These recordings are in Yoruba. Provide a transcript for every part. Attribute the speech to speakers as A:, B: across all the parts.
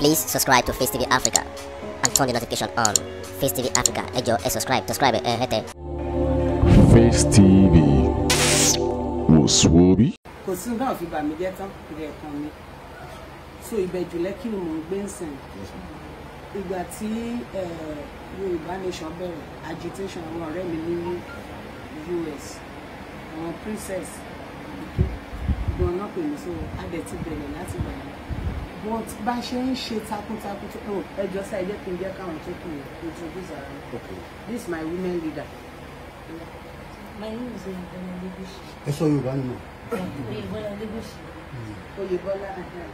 A: Please subscribe to Face TV Africa and turn the notification on. Face TV Africa, ẹ jọ̀ọ́, ẹ subscribe, subscribe, eh? hẹ́ tẹ. Face TV wò sùwọ́bí.
B: Kò sí náà fi bà mí jẹ́ tán kiri ẹ̀kan mi. So ìbẹ̀jù you like, you ń gbé ń sìn. Ìgbà tí Yorùbá nation bẹ̀rẹ̀ agitation àwọn ọ̀rẹ́ mi ní US, àwọn princess, ìgbọ̀n náà pè mí so adẹ̀ ti bẹ̀rẹ̀ láti gbà yẹn but bá ṣe ń ṣe takuntakun tó kàn oh, ẹjọ́ sáà ẹjẹ́ kí n jẹ́ káwọn tó kù introduce ara this my women leader. my name is oyebola legushi. ẹ sọ yorùbá nínú. oyebola legushi. Hmm. oyebola uh-huh.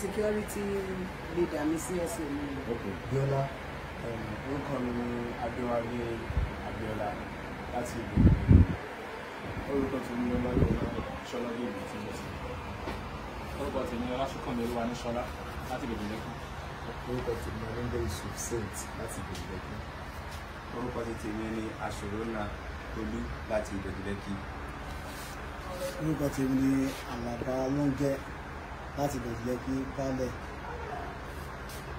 B: security leader mi csa mi. biola um, orúkọ mi ni adéwálé
A: abiola láti ìlú orúkọ tó ń lọ lọ́wọ́ ṣọlá bíbí tí mo ti orúkọ tèmi ọlásùnkànmí olúwa ní sọlá láti bèbè lẹ́kùn. orúkọ tèmi ọlọ́dẹ yusuf saint láti bèbè lẹ́kùn. orúkọ tèmi ni aṣòrónà olú láti bèbè lẹ́kì.
B: orúkọ tèmi ni àlàbà lóńgẹ láti bèbè lẹ́kì balẹ̀.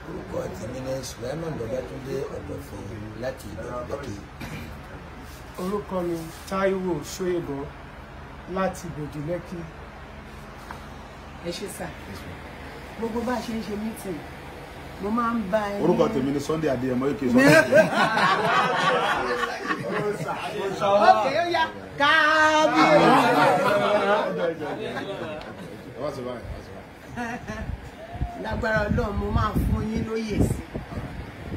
B: orúkọ tèmi ni suleiman bàbátúndé ọ̀dọ̀fọ̀ láti bèbè lẹ́kì. orúkọ mi táíwò ṣóyèbọ láti bèbè lẹ́kì ẹ ṣe sà gbogbo bá a ṣe ń ṣe mítìn mo máa ń bá ẹ. orúkọ tèmi
A: ni Sunday Adéyẹmọ èké sọ. ok
B: ó yá káàbíyèsí. lágbára Ọlọ́run mo máa fún yín lóyè sí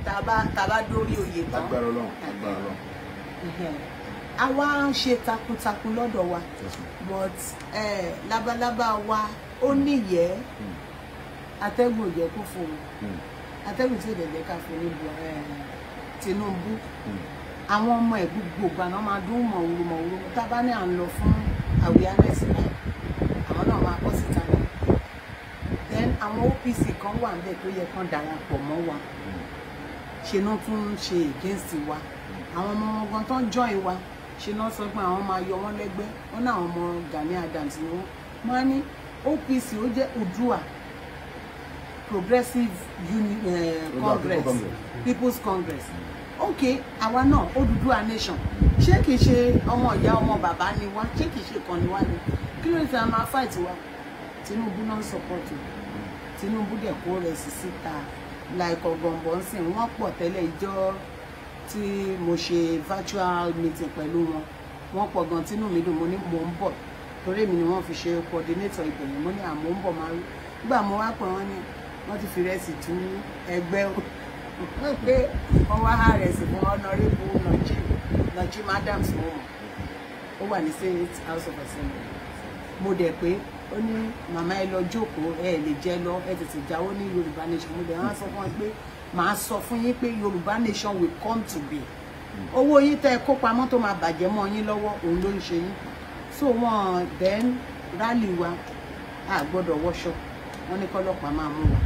B: tàbá dórí òye tán. lágbára Ọlọ́run lágbára Ọlọ́run a wá ń ṣe takuntakun lọ́dọ̀ wa but eh, labalábá wa ó níyẹ́ hmm. atẹ́gùn ò jẹ́ kó fún un hmm. atẹ́gùn tí ò dẹ̀ jẹ́ ká fún un Tinubu hmm. àwọn ọmọ ẹ̀ gbogbo gbaná máa dún mọ̀wúrú mọ̀wúrú tá a bá ní à ń lọ fún awareness náà àwọn náà máa kọ́ síta náà then àwọn OPC kan wà ń bẹ̀ tó yẹ kán darapọ̀ mọ́ wa ṣe náà tún ń ṣe against wa àwọn ọmọ wọn gan tán join wa ṣe náà sọ pé àwọn máa yọ wọn lẹ́gbẹ́ wọn náà àwọn ọmọ Gani Adams ni wọn máa ní OPC ó jẹ́ Odua Progressive Uni uh, Congress People's Congress ok àwa náà Odùduwà nation ṣé kìí ṣe ọmọ ìyá ọmọ bàbá ni wá ṣé kìí ṣe kan ni wá ni kí ló ń fi máa fight wa Tinubu náà ń support o Tinubu dẹ̀ kó rẹ̀ sí síta like ọ̀gbọ̀ngbọ̀n sì wọ́n pọ̀ tẹ́lẹ̀ ìjọ tí mo ṣe virtual meeting pẹ̀lú wọn wọ́n pọ̀ gan tínú mi dùn mo ní mò ń bọ̀ torí èmi ni wọ́n fi ṣe coordinator ìbẹ̀rẹ̀ mo ní àmọ́ ń bọ̀ máa rí nígbà mo wá pọ̀ wọ́n ní wọ́n ti fi rẹ́sì tú ẹgbẹ́ o pé wọ́n wá há rẹ̀sì fún ọ̀nàrẹ́bù nàjí nàjí madams wọn ó wà ní senate house of assembly mo dẹ̀ pé ó ní màmá ẹ lọ jókòó ẹ lè jẹ lọ ẹ tètè jáwọ́ ní yorùbá nation mo dẹ̀ wọ́n sọ fún wọn pé màá sọ fún yín pé yorùbá nation will come to be hmm. owó yín tẹ́ ẹ kó pamọ́ tó máa bàjẹ́ mọ́ yín lọ́wọ́ òun ló ń ṣe yín so wọn then rally wa a gbọ́dọ̀ wọṣọ wọn ní kọ́lọ́pàá máa mú wa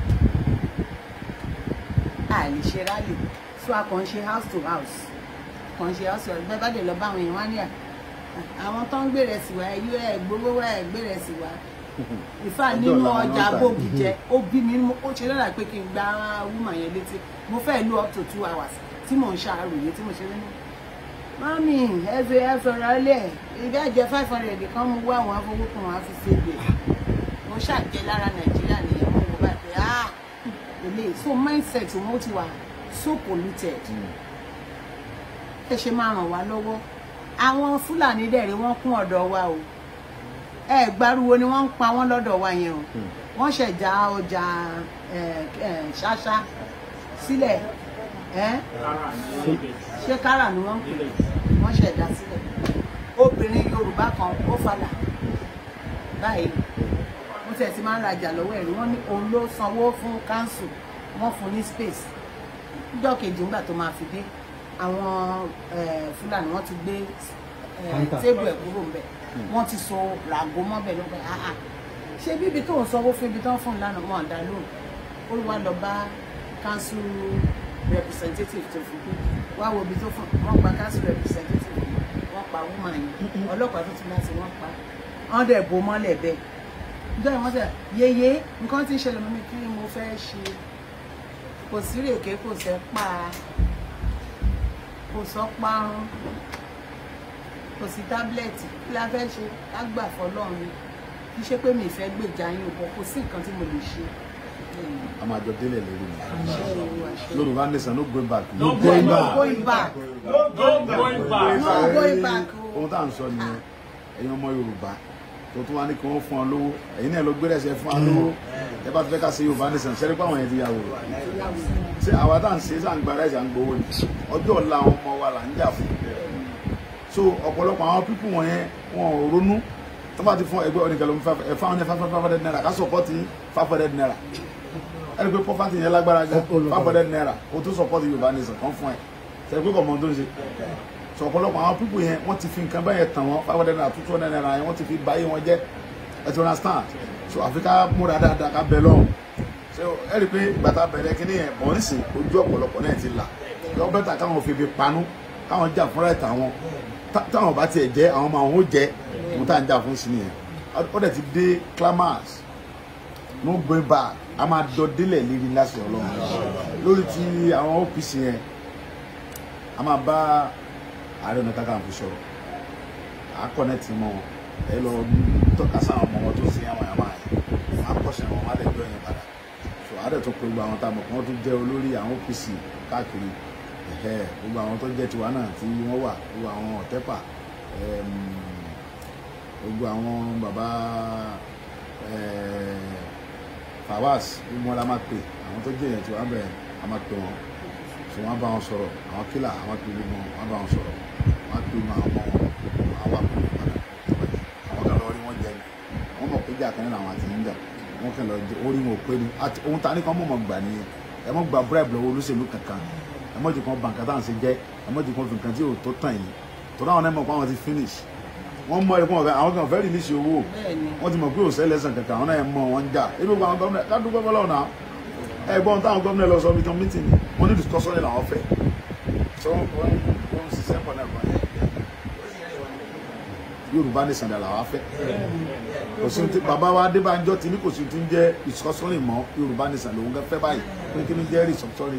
B: a lè ṣe rally so a kàn ṣe house to house kàn ṣe house to house bẹ́ẹ̀ bá dé lọ bá àwọn èèyàn wá ní à àwọn tó ń gbèrè sí wa ẹyú ẹ gbowó wa ẹ gbèrè sí wa ìfà nínú ọjà bògì jẹ ó bí mi ó ṣe lọ́la pé kí n gba wúmà yẹn létí mo fẹ́ lo up to two hours tí mò ń ṣàròyé tí mo ṣe nínú mọ́mì ẹ̀sọ̀ ẹ̀sọ̀rọ̀ ọlẹ̀ ìbá jẹ́ five hundred kan mú wá àwọn afọwọ́kùn wọn fi ṣe gbè mo ṣàjẹ́ lára nàìjíríà nìyẹn mo wò bá pé ah èlé so mindset wọn ti wà so polluted hmm. ẹ ṣe máa ràn wá lọ́wọ́ àwọn fúlàní dẹ̀rẹ̀ wọ́n kún ọ̀dọ̀ wa o ẹ gbárùwo ni wọ́n ń pa wọ́n lọ́dọ̀ wa yẹn o hmm. wọ́n ṣẹ̀dá ọjà ṣáṣá sílẹ̀ ṣé kárà ni wọ́n ń pè wọ́n ṣẹ̀dá sílẹ̀ obìnrin Yorùbá kan ó falà báyìí mo tẹ̀ sí máa ń rajà lọ́wọ́ ẹ̀rí wọ́n ní òun ló sanwó fún káńsù wọ́n fún ní space níjọ́ kejì nígbà tó máa fi dé àwọn Fúlàní wọ́n ti gbé tébù ẹ̀ kúrò ńbẹ̀ wọ́n ti so ràgó mọ́bẹ̀ ló pẹ́ àhà ṣé bíbi tó ń sanwó fún ibi tó ń fún ìlànà mọ́ ọ̀dà lóhùn ó lọ bá káńsù representative tó fi kú wá wo ibi tó fọ wọ́n pa council representative wọ́n pa woman yìí ọlọ́pàá tó ti máa ti wọ́n pa wọ́n dẹ̀ bo mọ́lẹ̀ bẹ́ẹ̀ nígbà wọ́n se yeye nǹkan tí ń ṣẹlẹ̀ mọ́ mi kí mo fẹ́ ṣe kò sí rèké kò sẹ́ pa kò sọ parun kò sí tábìlẹ̀tì kí la fẹ́ ṣe lágbàfọ́ lọ́run kì í ṣe mi ì fẹ́ gbèjà yín o kò sí nǹkan tí mo lè ṣe
A: a máa jọ délẹ̀ lórí mi Yorùbá nation no going back no going back no going back oh. ohun tá à ń sọ nìyẹn ẹ̀yin ọmọ Yorùbá tó tún wá ní kí wọ́n fún ọ lówó ẹ̀yin náà ló gbé rẹ̀ṣẹ̀ fún ọ mm. lówó ẹ bá ti fẹ́ ká ṣe Yorùbá nation ṣẹ́rí pé àwọn yẹn ti yà wò ṣé àwa tá à ń ṣe sáà ń gba rẹ̀ṣẹ̀ à ń gbowó ni ọjọ́ ọ̀la àwọn ọmọ wa là ń jà fún so ọ̀pọ̀lọpọ̀ àwọn pípù wọ̀nyẹn wọn ò ronú tó bá ti fún ẹgbẹ́ ọ̀nìkẹ́ ló ń fẹ́ fáwọn yẹn five hundred naira ká sọ̀pọ̀ ti five hundred naira ẹni pé pọ́fàtì yẹn lágbára gan five hundred naira o tó support yorùbá nation kan fún ẹ sẹ́yìn pé kọ̀mọ́ tó ń ṣe sọ ọ̀pọ̀lọpọ̀ àwọn pípò yẹn wọ́n ti fi nǹkan bẹ́ẹ̀ tàn wọ́n five hundred naira two two hundred naira yẹn wọ́n ti fi báyé wọn jẹ́ ẹ ti understand so àfi ká múra dáadáa ká bẹ lọ́hùn ṣé ẹ rí i pé gbàtà bẹ̀rẹ̀ kínní yẹn bọ̀ ń sìn ojú ọ̀pọ̀lọpọ̀ náà ti là lọ bẹ́tà káwọn fi fi panú káwọn jà fúnra ẹ̀ tàwọn táwọn bá tiẹ̀ jẹ́ àwọn máa ń jẹ́ òun tá à ń jà fún sí nìyẹn ó dẹ̀ ti dé climax no going back a máa dọdélẹ̀ lérí láti ọlọ́run lórí ti àwọn OPC yẹn a máa bá ààrẹ ọ̀nà kakanfò sọ̀rọ̀ à á kọ́nẹ́tì mọ́ wọn ẹ lọ tọ́ka sáwọn ọmọ wọn tó sin àwọn àmà yẹn á kọ́sẹ̀ wọn má lẹ́jọ́ yẹn padà so ààrẹ tó pe gbogbo àwọn tá a mọ̀ kí wọ́n tún jẹ́ olórí àwọn OPC káàkiri gbogbo àwọn tó jẹ́ tiwa náà tí wọ́n wà gbogbo àwọn ọ̀tẹ́pà gbogbo àwọn bàbá Fawaz ìmọ̀ la máa pè àwọn tó jẹ́ èèyàn tí wọ́n á a máa pè wọ́n so wọ́n á bá wọn sọ̀rọ̀ àwọn kílà àwọn pè gbogbo wọn wọ́n á bá wọn sọ̀rọ̀ wọ́n á pè mọ àwọn àwọn àpòlù padà àwọn kan lọ́ọ́ rí wọ́n jẹ wọ́n mọ̀ pé jàkan náà àwọn àti ń jà wọ́n kàn lọ orí wọn ò pé ni ohun ta ni kan mọ̀ mọ̀ gbà nìyẹn ẹ mọ̀ gba búrẹ́bù lọ́wọ́ olóṣèlú kankan ẹ mọ̀ jù kan bàǹkátà ń ṣe jẹ́ ẹ mọ̀ jù kan fìkan tí ò tó tàn yìí tó dáwọn ẹ mọ̀ pé àwọn ti finish wọ́n mọ ẹ̀kọ́ ọ̀gá àwọn kan fẹ́ẹ́ rí níṣẹ́ owó wọ́n ti mọ̀ pé òsẹ́ lẹ́sàn kankan àwọn náà mọ̀ wọ́n ń jà ebi gbogbo àwọn gómìnà kádùn gbọ́gbọ́ lọ́wọ́ náà ẹ̀gbọ́n táwọn gómìnà lọ sọ mítọ̀ mítìn ni wọ́n ní discussion ní làwọn fẹ́. Yorùbá ní sàndà làwọn fẹ́ kò sí ti bàbá wa Adébánjọ ti ní kò sí ti ń jẹ́ discussion mọ́ Yorùbá ní sàndà òun fẹ́ báyìí pé kí ni jẹ́ restructure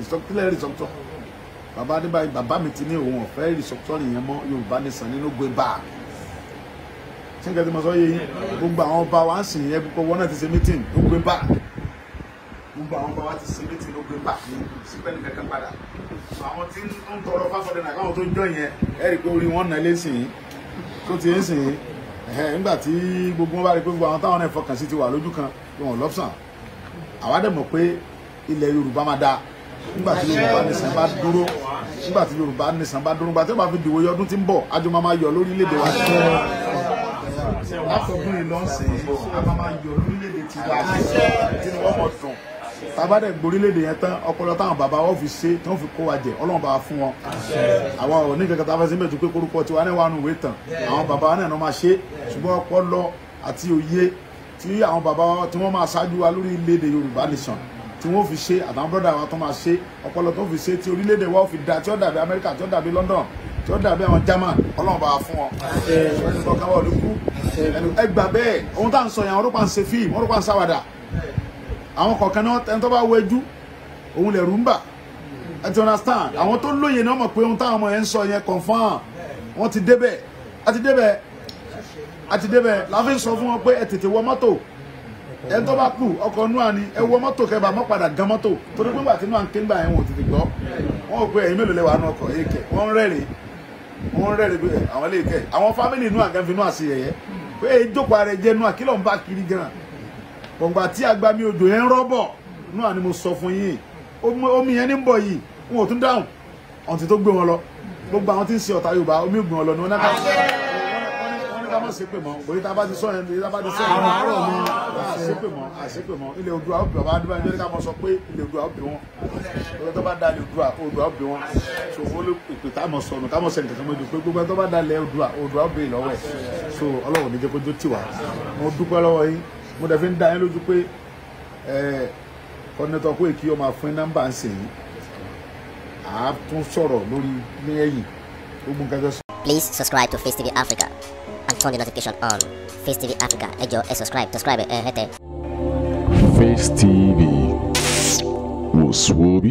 A: bàbá Adébánjọ bàbá mi ti ní òun ọ̀fẹ́ restructure yẹn mọ́ Yorùbá ní sàndà nínú gbé báà tí nǹkan tí mo sọ yé yín gbogbo àwọn ọba wa ń sìn yẹn gbogbo wọn náà ti ṣe mítìn ó gbé bá gbogbo àwọn ọba wa ti ṣe mítìn ó gbé bá síbẹ̀ nìkan kan padà àwọn tí ń tọrọ fáfọdẹ náà káwọn tó jọ yẹn ẹ rí i pé orí wọn nà lé sìn yín tó ti ń sìn yín nígbà tí gbogbo wọn bá rí i pé gbogbo àwọn táwọn náà fọkàn sí ti wà lójú kan pé wọn lọ́sàn àwa dẹ̀ mọ̀ pé ilẹ̀ Yorùbá máa dáa nígbà tí Yorùbá nìsan bá dúró nígbà tí Yorùbá nìsan bá dúró nígbà tí wọn fi dìwòye ọdún tí ń bọ̀ àjọ máa máa yọ lórílẹ̀‐èdè wa látọ̀dún yìí lọ́sìn a máa orílẹ̀-èdè ti wá tí wọ́n mọ̀ dùn tabadẹ gborílẹ̀èdè yẹn tán ọpọlọ táwọn bàbá wọn fi ṣe tí wọn fi kó wa jẹ Ọlọ́run bá fún wọn àwa ò ní kankan tá a fẹsẹ̀ mẹtò pé korúkọ tiwa náà wà nù wé tán àwọn bàbá wa náà máa ṣe ṣùgbọ́n ọpọlọ àti òye tí àwọn bàbá wa tí wọn máa ṣáájú wa lórí ilẹ̀-èdè Yorùbá nation tí wọn fi ṣe àtàwọn brọdà wa tó máa ṣe ọpọlọ tó fi ṣe tí orílẹ̀èdè wa fi da tí ó dàbí Amẹ́ríkà tí ó dàbí London tí ó dàbí àwọn German Ọlọ́run bá fún wọn ẹ gbà bẹ́ẹ̀ ohun tá à ń sọ yẹn àwọn ọlọ́pàá ń ṣe fíìmù ọlọ́pàá ń ṣàwàdà àwọn kọ̀ọ̀kan náà ẹni tó bá wọ ẹjú òun lẹ̀ rúmbà ẹ ti understand àwọn tó lóye náà mọ̀ pé ohun táwọn ọmọ yẹn ń sọ yẹn confam wọ́n ti débẹ̀ àti débẹ̀ àti débẹ̀ láfi sọ fún wọn pé ẹ tètè wọ mọ́tò ẹni tó bá kù ọkọ̀ nù àní ẹ wọ mọ́tò kẹ́ bá mọ́ padà gan mọ́tò torí pé gbàtí náà ń ké ńgbà yẹn wọn ò tètè gbọ́ wọn ò pé ẹ̀yin mélòó lẹ́wà nù ọkọ̀ yìí kẹ̀ wọ́n ń rẹ́rìn wọ́n ń rẹ́rìn pé àwọn lè kẹ́ àwọn fámìlì nù àgànfin nù àṣeyẹyẹ pé ìjókòó ààrẹ jẹ́ nua kí ló ń bá kiri gan gbọ̀ngbà tí agbami odò yẹn ń rọ́bọ̀ nua ni mo sọ fún yín omi yẹn ní ń bọ̀ yìí wọn ò tún dáhùn ọ̀tí tó gbé wọn lọ gbogbo àwọn tí ń ṣe ọ̀tá Yorùbá omi ò gbé wọn lọ ni wọn náà kà sí ká má ṣépè mọ́ òye tá a bá ti sọ yẹn òye tá a bá ti sọ yẹn ah. àárọ̀ mi à ṣépè mọ́ à ṣépè mọ́ ilé Oòduà ó bì wọ́n adúbá ẹni ká mọ́ sọ pé ilé Oòduà ó bì wọ́n ọjọ́ tó bá da ilé Oòduà Oòduà ó bì wọ́n so wọ́n ló ó bì lọ́wọ́ ẹ̀ so Ọlọ́run ní jẹ́ kó jó tiwa mo da yín lójú pé kọ́nẹ́tọ̀ kó èkì ọmọ àfin nọ́mbà ń sìn yín à á tún sọ̀rọ̀ lórí ní ẹ̀yìn gbogbo nǹkan tó Please subscribe to Face TV Africa and turn the notification on. Face TV Africa, ẹ ẹ subscribe, subscribe ẹ hẹ́tẹ̀. Face TV, wò